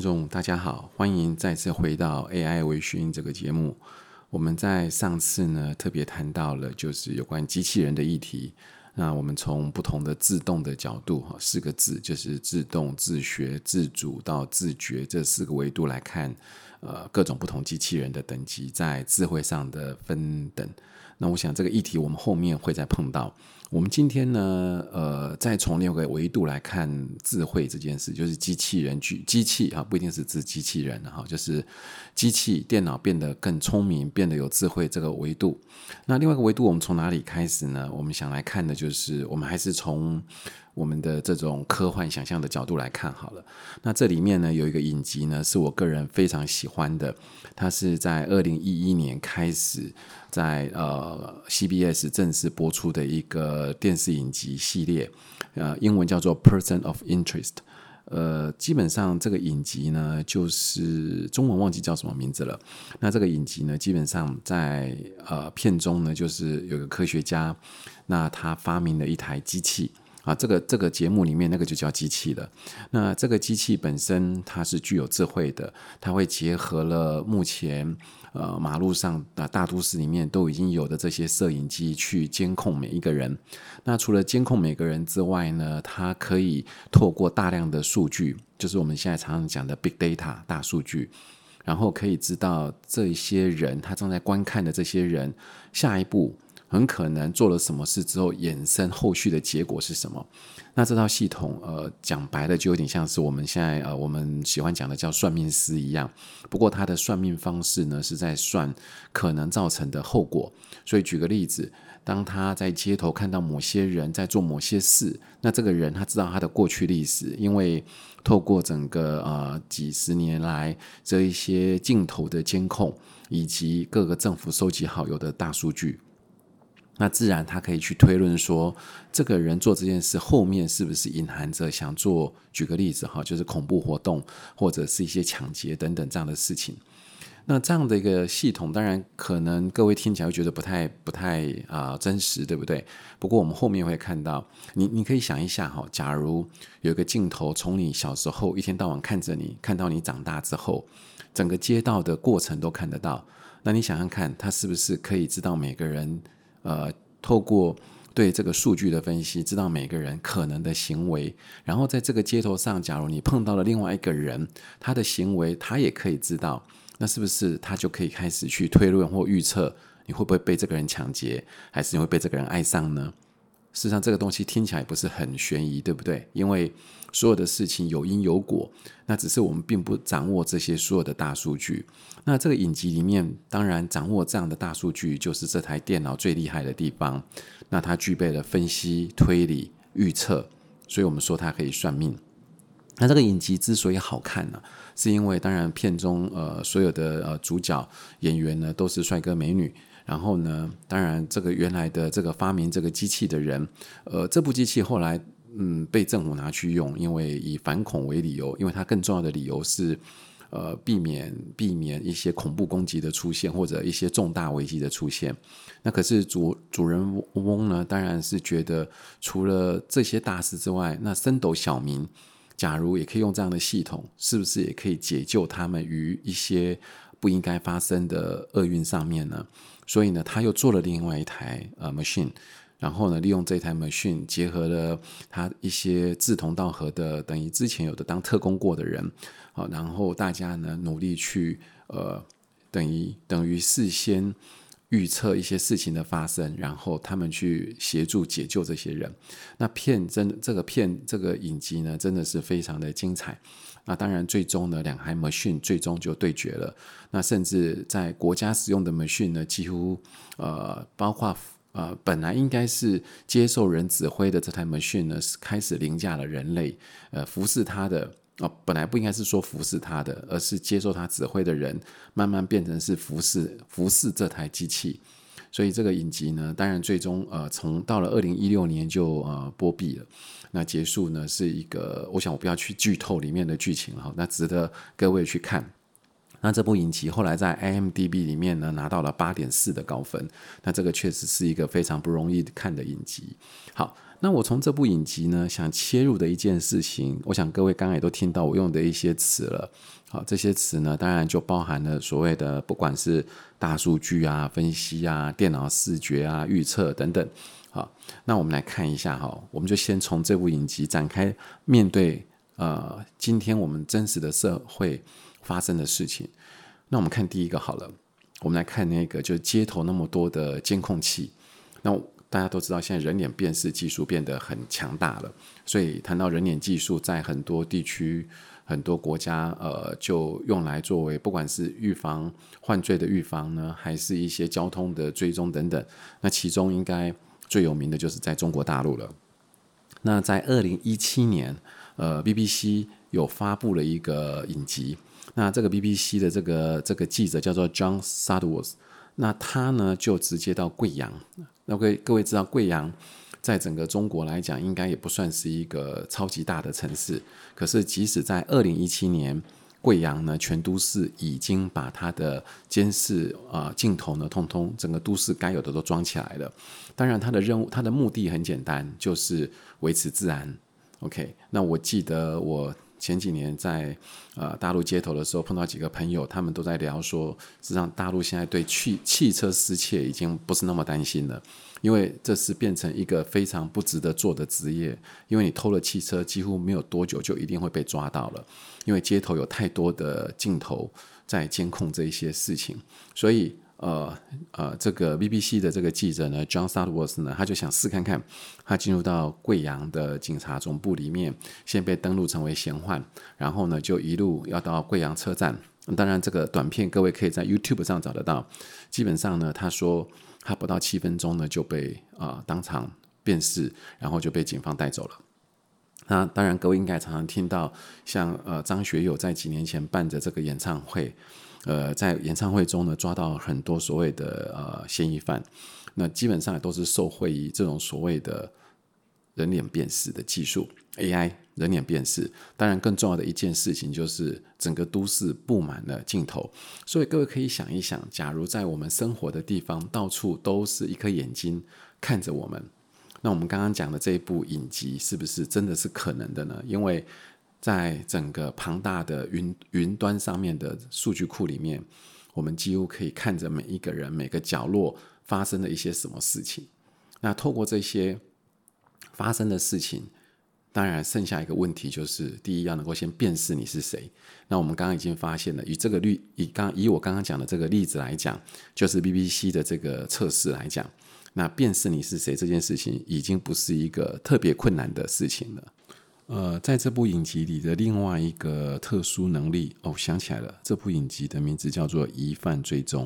觀眾大家好，歡迎再次回到 AI 微醺這個節目。我們在上次呢特別談到了就是有關機器人的議題。那我們從不同的自動的角度哈，四個字就是自動、自學、自主到自覺這四個維度來看，呃，各種不同機器人的等級在智慧上的分等。那我想這個議題我們後面會再碰到。我們今天呢，呃，再從六個維度來看智慧這件事，就是機器人、舉，機器啊，不一定是指機器人哈、啊，就是機器、電腦變得更聰明、變得有智慧這個維度。那另外一個維度，我們從哪裡開始呢？我們想來看的就是，我們還是從我們的這種科幻想象的角度來看好了。那這裡面呢，有一個影集呢，是我個人非常喜歡的，它是在二零一一年開始在呃 CBS 正式播出的一個。呃，電視影集系列，呃，英文叫做《Person of Interest》。呃，基本上這個影集呢，就是中文忘記叫什麼名字了。那這個影集呢，基本上在呃片中呢，就是有個科學家，那他發明了一台機器。啊，這個這個節目裡面那個就叫機器了。那這個機器本身它是具有智慧的，它會結合了目前呃馬路上啊，呃、大都市裡面都已經有的這些攝影機去監控每一個人。那除了監控每個人之外呢，它可以透過大量的數據，就是我們現在常常講的 Big Data 大數據，然後可以知道這些人他正在觀看的這些人下一步很可能做了什麼事之後，衍生後續的結果是什麼？那這套系統，呃，講白了就有點像是我們現在呃，我們喜歡講的叫算命師一樣。不過他的算命方式呢，是在算可能造成的後果。所以舉個例子，當他在街頭看到某些人在做某些事，那這個人他知道他的過去歷史，因為透過整個呃幾十年來這一些鏡頭的監控，以及各個政府收集好有的大數據。那自然，他可以去推論說，這個人做這件事後面是不是隱含着想做？舉個例子哈，就是恐怖活動或者是一些搶劫等等這樣的事情。那這樣的一個系統，當然可能各位聽起來會覺得不太、不太啊、呃、真實，對不對？不過我們後面會看到，你你可以想一下哈，假如有一個鏡頭從你小時候一天到晚看着你，看到你長大之後，整個街道的過程都看得到。那你想想看，他是不是可以知道每個人？呃，透過對這個數據的分析，知道每個人可能的行為，然後在這個街頭上，假如你碰到了另外一個人，他的行為，他也可以知道，那是不是他就可以開始去推論或預測，你會不會被這個人搶劫，還是你會被這個人愛上呢？事實上，這個東西聽起來不是很懸疑，對不對？因為所有的事情有因有果，那只是我們並不掌握這些所有的大數據。那這個影集裡面，當然掌握這樣的大數據，就是這台電腦最厲害的地方。那它具備了分析、推理、預測，所以我們說它可以算命。那這個影集之所以好看呢，啊，是因為當然片中呃所有的呃主角演員呢都是帥哥美女。然後呢，當然，這個原來的這個發明這個機器的人，呃，這部機器後來嗯被政府拿去用，因為以反恐為理由，因為它更重要的理由是，呃，避免避免一些恐怖攻擊的出現或者一些重大危機的出現。那可是主主人翁呢，當然是覺得除了這些大事之外，那升斗小民，假如也可以用這樣的系統，是不是也可以解救他們於一些不應該發生的厄運上面呢，所以呢，他又做了另外一台呃 machine，然後呢，利用這台 machine 結合了他一些志同道合的，等於之前有的當特工過的人，好、啊，然後大家呢努力去呃，等於等於事先預測一些事情的發生，然後他們去協助解救這些人。那片真的這個片這個影集呢，真的是非常的精彩。那當然，最終呢，兩台 machine 最終就對決了。那甚至在國家使用的 machine 呢，幾乎呃，包括呃，本來應該是接受人指揮的這台 machine 呢，是開始凌駕了人類。呃，服侍他的哦、呃，本來不應該是說服侍他的，而是接受他指揮的人，慢慢變成是服侍服侍這台機器。所以這個影集呢，當然最終呃，從到了二零一六年就呃播畢了。那結束呢，是一個我想我不要去劇透裡面的劇情了，好，那值得各位去看。那這部影集後來在 IMDB 裡面呢，拿到了八點四的高分，那這個確實是一個非常不容易看的影集。好，那我從這部影集呢，想切入的一件事情，我想各位剛剛也都聽到我用的一些詞了。好，這些詞呢，當然就包含了所謂的不管是大數據啊、分析啊、電腦視覺啊、預測等等。好，那我們來看一下哈，我們就先從這部影集展開，面對呃今天我們真實的社會發生的事情，那我們看第一個好了。我們來看那個，就是街頭那麼多的監控器。那大家都知道，現在人臉辨識技術變得很強大了。所以談到人臉技術，在很多地區、很多國家，呃，就用來作為不管是預防犯罪的預防呢，還是一些交通的追蹤等等。那其中應該最有名的就是在中國大陸了。那在二零一七年，呃，BBC 有發布了一個影集。那這個 BBC 的這個這個記者叫做 John Sudworth，那他呢就直接到貴陽。那各位各位知道貴陽在整個中國來講，應該也不算是一個超級大的城市。可是即使在二零一七年，貴陽呢全都市已經把它的監視啊、呃、鏡頭呢通通整個都市該有的都裝起來了。當然，他的任務，他的目的很簡單，就是維持治安。OK，那我記得我。前幾年在呃大陸街頭的時候，碰到幾個朋友，他們都在聊說，實際上大陸現在對汽汽車失竊已經不是那麼擔心了，因為這是變成一個非常不值得做的職業，因為你偷了汽車，幾乎沒有多久就一定會被抓到了，因為街頭有太多的鏡頭在監控這一些事情，所以。呃呃，這個 BBC 的這個記者呢，John Sudworth 呢，他就想試看看，他進入到貴陽的警察總部裡面，先被登錄成為嫌犯，然後呢，就一路要到貴陽車站。嗯、當然，這個短片各位可以在 YouTube 上找得到。基本上呢，他說他不到七分鐘呢就被啊、呃、當場辨識，然後就被警方帶走了。那當然，各位應該常常聽到像，像呃張學友在幾年前辦的這個演唱會。呃，在演唱會中呢，抓到很多所謂的呃嫌疑犯，那基本上也都是受惠於這種所謂的，人臉辨識的技術 AI 人臉辨識。當然，更重要的一件事情就是，整個都市布滿了鏡頭，所以各位可以想一想，假如在我們生活的地方到處都是一顆眼睛看着我們，那我們剛剛講的這一部影集是不是真的是可能的呢？因為在整個龐大的雲雲端上面的數據庫裡面，我們幾乎可以看着每一個人每個角落發生了一些什麼事情。那透過這些發生的事情，當然剩下一個問題就是：第一，要能夠先辨識你是誰。那我們剛剛已經發現了，以這個例以剛以我剛剛講的這個例子來講，就是 BBC 的這個測試來講，那辨識你是誰這件事情已經不是一個特別困難的事情了。呃，在這部影集裡的另外一個特殊能力哦，想起來了，這部影集的名字叫做《疑犯追蹤》。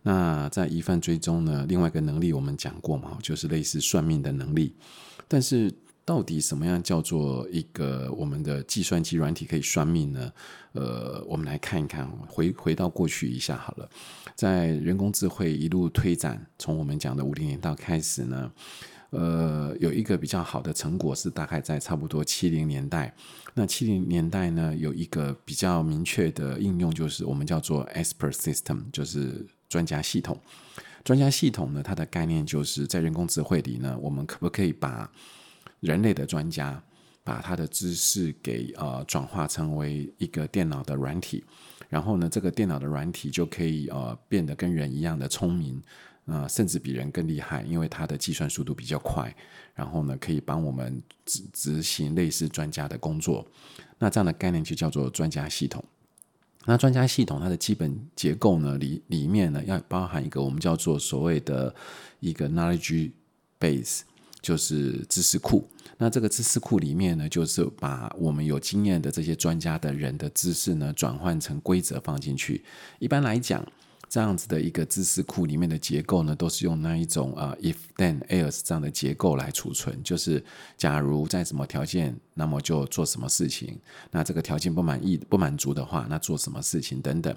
那在《疑犯追蹤》呢，另外一個能力我們講過嘛，就是類似算命的能力。但是，到底什麼樣叫做一個我們的計算機軟體可以算命呢？呃，我們來看一看，回回到過去一下好了，在人工智慧一路推展，從我們講的五零年代開始呢。呃，有一個比較好的成果是大概在差不多七零年代。那七零年代呢，有一個比較明確的應用，就是我們叫做 expert system，就是專家系統。專家系統呢，它的概念就是在人工智慧裡呢，我們可不可以把人類的專家把他的知識給呃轉化成為一個電腦的軟體，然後呢，這個電腦的軟體就可以呃變得跟人一樣的聰明。啊、呃，甚至比人更厲害，因為它的計算速度比較快，然後呢，可以幫我們執執行類似專家的工作。那這樣的概念就叫做專家系統。那專家系統它的基本結構呢，裡裡面呢要包含一個我們叫做所謂的一個 knowledge base，就是知識庫。那這個知識庫裡面呢，就是把我們有經驗的這些專家的人的知識呢，轉換成規則放進去。一般來講。這樣子的一個知識庫裡面的結構呢，都是用那一種啊、uh, if then else 這樣的結構來儲存，就是假如在什麼條件，那麼就做什麼事情，那這個條件不滿意不滿足的話，那做什麼事情等等，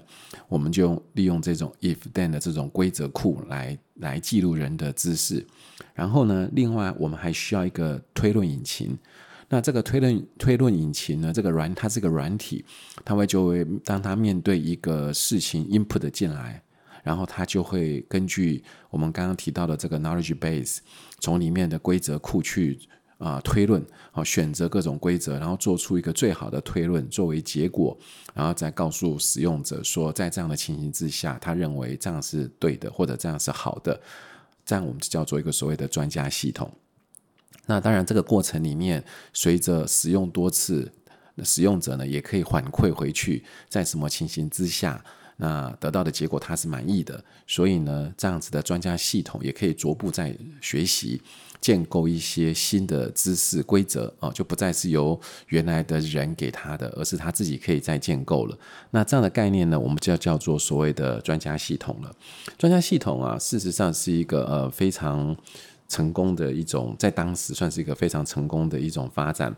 我們就利用這種 if then 的這種規則庫來來記錄人的知識，然後呢，另外我們還需要一個推論引擎。那這個推論推論引擎呢？這個軟它是個軟體，它會就會，當它面對一個事情 input 進來，然後它就會根據我們剛剛提到的這個 knowledge base，從裡面的規則庫去啊、呃、推論，好、啊，選擇各種規則，然後做出一個最好的推論作為結果，然後再告訴使用者說，在這樣的情形之下，他認為這樣是對的，或者這樣是好的，這樣我們就叫做一個所謂的專家系統。那當然，這個過程裡面，隨着使用多次，使用者呢也可以反饋回去，在什麼情形之下，那得到的結果他是滿意的。所以呢，這樣子的專家系統也可以逐步在學習，建構一些新的知識規則啊、呃，就不再是由原來的人給他的，而是他自己可以再建構了。那這樣的概念呢，我們就叫做所謂的專家系統了。專家系統啊，事實上是一個呃非常。成功的一種，在當時算是一個非常成功的一種發展。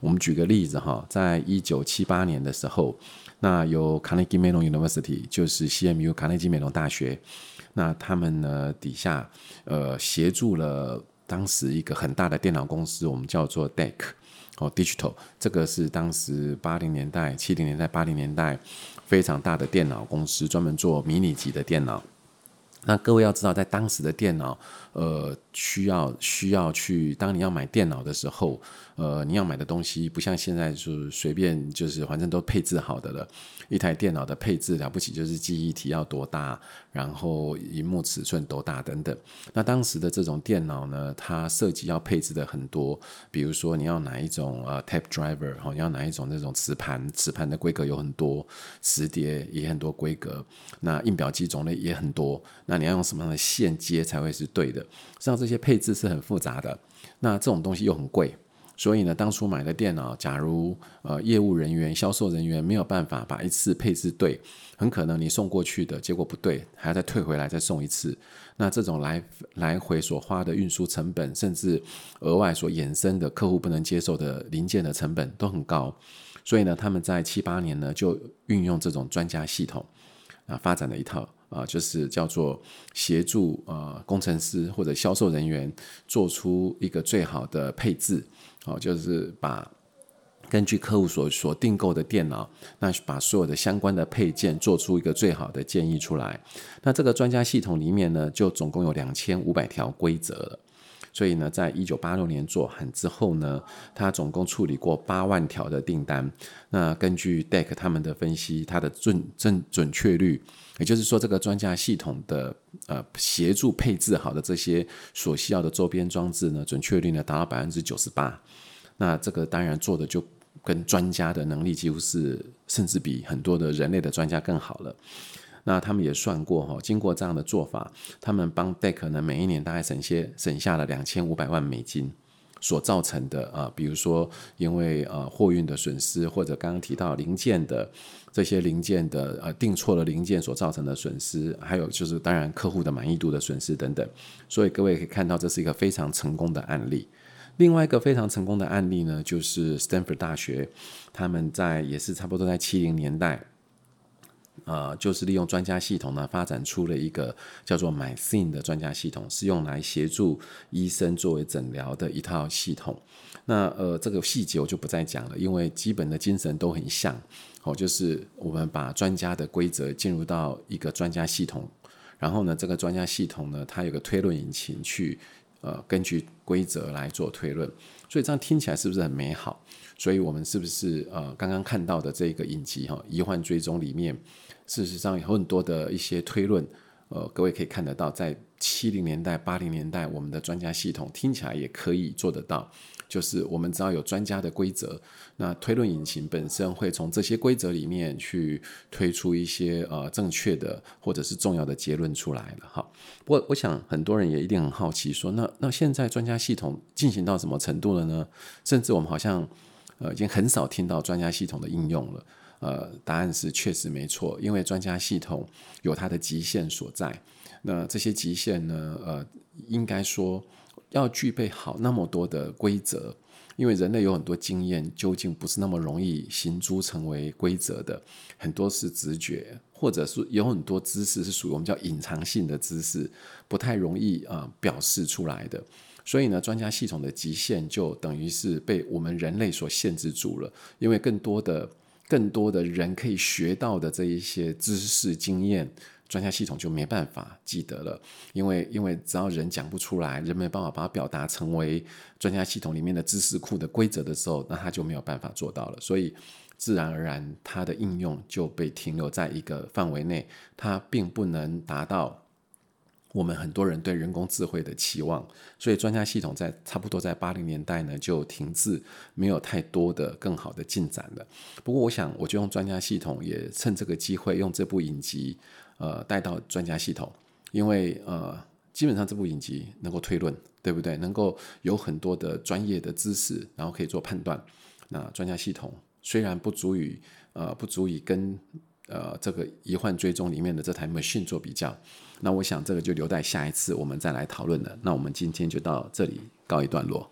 我們舉個例子哈，在一九七八年的時候，那由卡內基梅隆 University 就是 CMU 卡內基梅隆大學，那他們呢底下呃協助了當時一個很大的電腦公司，我們叫做 DEC 哦 Digital，這個是當時八零年代、七零年代、八零年代非常大的電腦公司，專門做迷你級的電腦。那各位要知道，在當時的電腦呃。需要需要去，當你要買電腦的時候，呃，你要買的東西不像現在就隨便，就是反正都配置好的了。一台電腦的配置了不起就是記憶體要多大，然後熒幕尺寸多大等等。那當時的這種電腦呢，它設計要配置的很多，比如說你要哪一種呃 tape driver，哦，你要哪一種那種磁盤，磁盤的規格有很多，磁碟也很多規格，那印表機種類也很多，那你要用什麼樣的線接才會是對的？上次。這些配置是很複雜的，那這種東西又很貴，所以呢，當初買的電腦，假如呃業務人員、銷售人員沒有辦法把一次配置對，很可能你送過去的結果不對，還要再退回來再送一次，那這種來來回所花的運輸成本，甚至額外所衍生的客戶不能接受的零件的成本都很高，所以呢，他們在七八年呢就運用這種專家系統啊，發展了一套。啊，就是叫做協助啊，呃，工程師或者銷售人員做出一個最好的配置，啊，就是把根據客戶所所訂購的電腦，那把所有的相關的配件做出一個最好的建議出來。那這個專家系統裡面呢，就總共有兩千五百條規則了。所以呢，在一九八六年做完之後呢，他總共處理過八萬條的訂單。那根據 DEC 他們的分析，它的準正準確率，也就是說，這個專家系統的呃協助配置好的這些所需要的周邊裝置呢，準確率呢達到百分之九十八。那這個當然做的就跟專家的能力幾乎是，甚至比很多的人類的專家更好了。那他們也算過哈，經過這樣的做法，他們幫 DEC 呢每一年大概省些省下了兩千五百萬美金所造成的，呃，比如說因為呃貨運的損失，或者剛剛提到零件的這些零件的呃訂錯了零件所造成的損失，還有就是當然客戶的滿意度的損失等等。所以各位可以看到，這是一個非常成功的案例。另外一個非常成功的案例呢，就是 Stanford 大學，他們在也是差不多在七零年代。呃，就是利用專家系統呢，發展出了一個叫做 MYCIN 的專家系統，是用來協助醫生作為診療的一套系統。那呃，這個細節我就不再講了，因為基本的精神都很像。好、哦，就是我們把專家的規則進入到一個專家系統，然後呢，這個專家系統呢，它有個推論引擎去呃，根據規則來做推論。所以這樣聽起來是不是很美好？所以我們是不是呃，剛剛看到的這個影集哈、哦，疑犯追蹤裡面。事實上，有很多的一些推論，呃，各位可以看得到，在七零年代、八零年代，我們的專家系統聽起來也可以做得到，就是我們只要有專家的規則，那推論引擎本身會從這些規則裡面去推出一些呃正確的或者是重要的結論出來了。哈，不過我想很多人也一定很好奇說，說那那現在專家系統進行到什麼程度了呢？甚至我們好像呃已經很少聽到專家系統的應用了。呃，答案是確實沒錯，因為專家系統有它的極限所在。那這些極限呢，呃，應該說要具備好那麼多的規則，因為人類有很多經驗，究竟不是那麼容易形諸成為規則的。很多是直覺，或者是有很多知識是屬於我們叫隱藏性的知識，不太容易啊、呃、表示出來的。所以呢，專家系統的極限就等於是被我們人類所限制住了，因為更多的更多的人可以學到的這一些知識經驗，專家系統就沒辦法記得了，因為因為只要人講不出來，人沒辦法把它表達成為專家系統裡面的知識庫的規則的時候，那他就沒有辦法做到了，所以自然而然它的應用就被停留在一個範圍內，它並不能達到。我們很多人對人工智慧的期望，所以專家系統在差不多在八零年代呢就停滯，沒有太多的更好的進展了。不過，我想我就用專家系統也趁這個機會用這部影集，呃，帶到專家系統，因為呃，基本上這部影集能夠推論，對不對？能夠有很多的專業的知識，然後可以做判斷。那專家系統雖然不足以呃不足以跟呃這個疑犯追蹤裡面的這台 machine 做比較。那我想這個就留待下一次我們再來討論了。那我們今天就到這裡告一段落。